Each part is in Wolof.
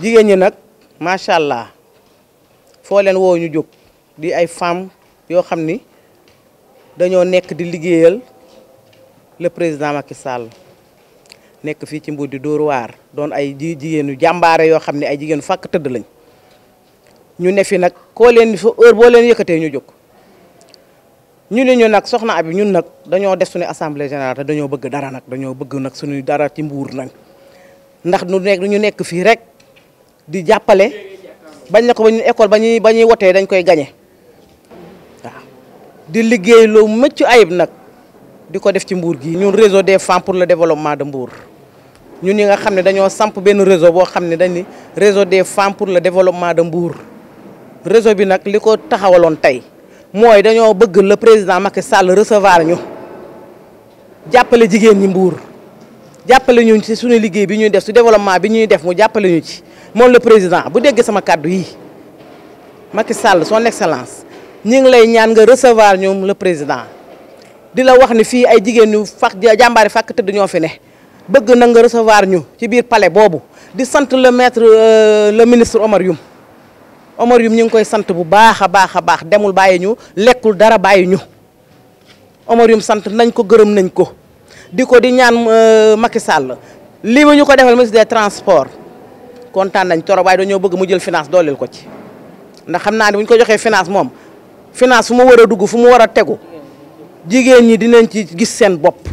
jigéen ñi nag macha allah foo leen woo ñu jóg di ay femmes yoo xam ni dañoo nekk di liggéeyal le président Macky Sall nekk fii ci Mbour di Dóor waar doon ay jigéenu jàmbaare yoo xam ne ay jigéenu fàkk tëdd lañ ñu ne nag koo leen fa heure boo leen yëkkatee ñu jóg. ñu ne ñu nag soxna abi ñun nag dañoo def suñu assemblée générale te dañoo bëgg dara nag dañoo bëgg nag suñu dara ci mbuur nag ndax nu nekk ñu nekk fii rek di jàppale bañ na ko ba ñu école ba ñuy ba ñuy wotee dañ koy gañe waaw di liggéey loo mëcc ayib nag di ko def ci mbuur gii ñun réseau des femmes pour le développement de Mbour ñun ñi nga xam ne dañoo samp benn réseau boo xam ne dañu réseau des femmes pour le développement de Mbour réseau bi nag li ko taxawaloon tey mooy dañoo bëgg la président Macky Sall recevoir ñu jàppale jigéen ñi Mbour jàppale ñu ci suñu liggéey bi ñuy def si développement bi ñuy def mu jàppale ñu ci moom la président bu déggee sama kàddu yi Macky Sall son excellence ñu ngi lay ñaan nga recevoir ñoom la président di la wax ni fii ay jigéen ñu fak jàmbaari fàkk tëdd ñoo fi ne bëgg na nga recevoir ñu ci biir pale boobu di sant le maître euh, le ministre Omar Youm Omar Youm ñu ngi koy sant bu baax a baax a baax demul bàyyi ñu lekkul dara bàyyi ñu Omar Youm sant nañ ko gërëm nañ ko di ko di ñaan euh, Macky Sall lii ma ñu ko defal ministre des kontaan nañ torop waaye dañoo bëgg mu jël finance dooleel ko ci ndax xam naa ne bu ñu ko joxee finance moom finance fu mu war a dugg fu mu war a tegu jigéen ñi dinañ ci gis seen bopp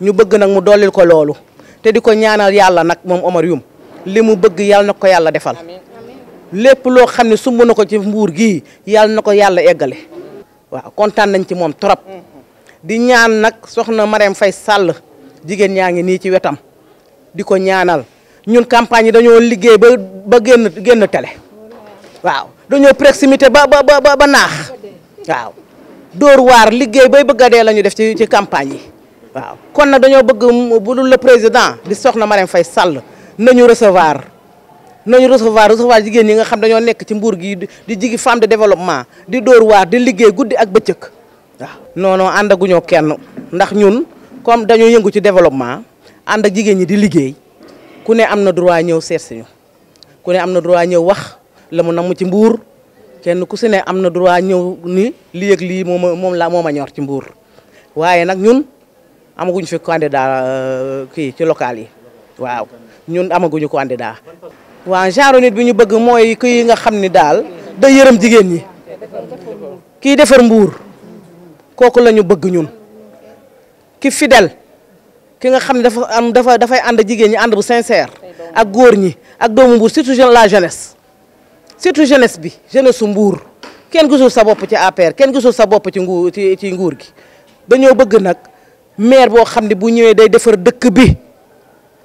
ñu bëgg nag mu dooleel ko loolu te di ko ñaanal yàlla nag moom Omar Youm li mu bëgg yàlla na ko yàlla defal Le loo xam ne sumb na ko ci mbuur gii yàlla na ko yàlla eggale waaw nañ ci moom trop di ñaan nak soxna Marème Faye Sall jigéen ñaa ngi ci wetam di ko ñaanal ñun campagne yi dañoo liggéey ba ba génn génn télé waaw dañoo proximité ba ba ba ba naax waaw dóor waar liggéey bay bëgg a dee def ci ci campagne yi waaw kon nag dañoo bëgg bu dul le président di soxna Marème Faye Sall nañu recevoir nañu recevoir recevoir jigéen ñi nga xam dañoo nekk ci mbuur gi di jigi femme de développement di dóor di liggéey guddi ak bëccëg waaw. non non àndaguñoo kenn ndax ñun comme dañoo yëngu ci développement ànd ak jigéen ñi di liggéey ku ne am na droit ñëw seet amno ñu ku ne am namu droit ñëw wax la mu namm ci mbuur kenn ku si ne am na droit ñëw ni lii ak lii moom moom la moom a ñor ci mbuur waaye nag ñun amaguñ fi candidat euh, kii ci local yi waaw ñun amaguñu candidat wa genre nit bi ñu bëgg mooy kii nga xam dal daal day yërëm jigéen ñi kii defar mbuur kooku la bëgg ñun ki fidèle ki nga xam ne dafa am dafa dafay ànd jigéen ñi ànd bu sincère ak góor ñi ak doomu mbuur surtout la jeunesse surtout jeunesse bi jeunesse mbuur kenn gisul sa bopp ci APR kenn gisul sa bopp ci ci nguur gi bëgg maire bu day dëkk bi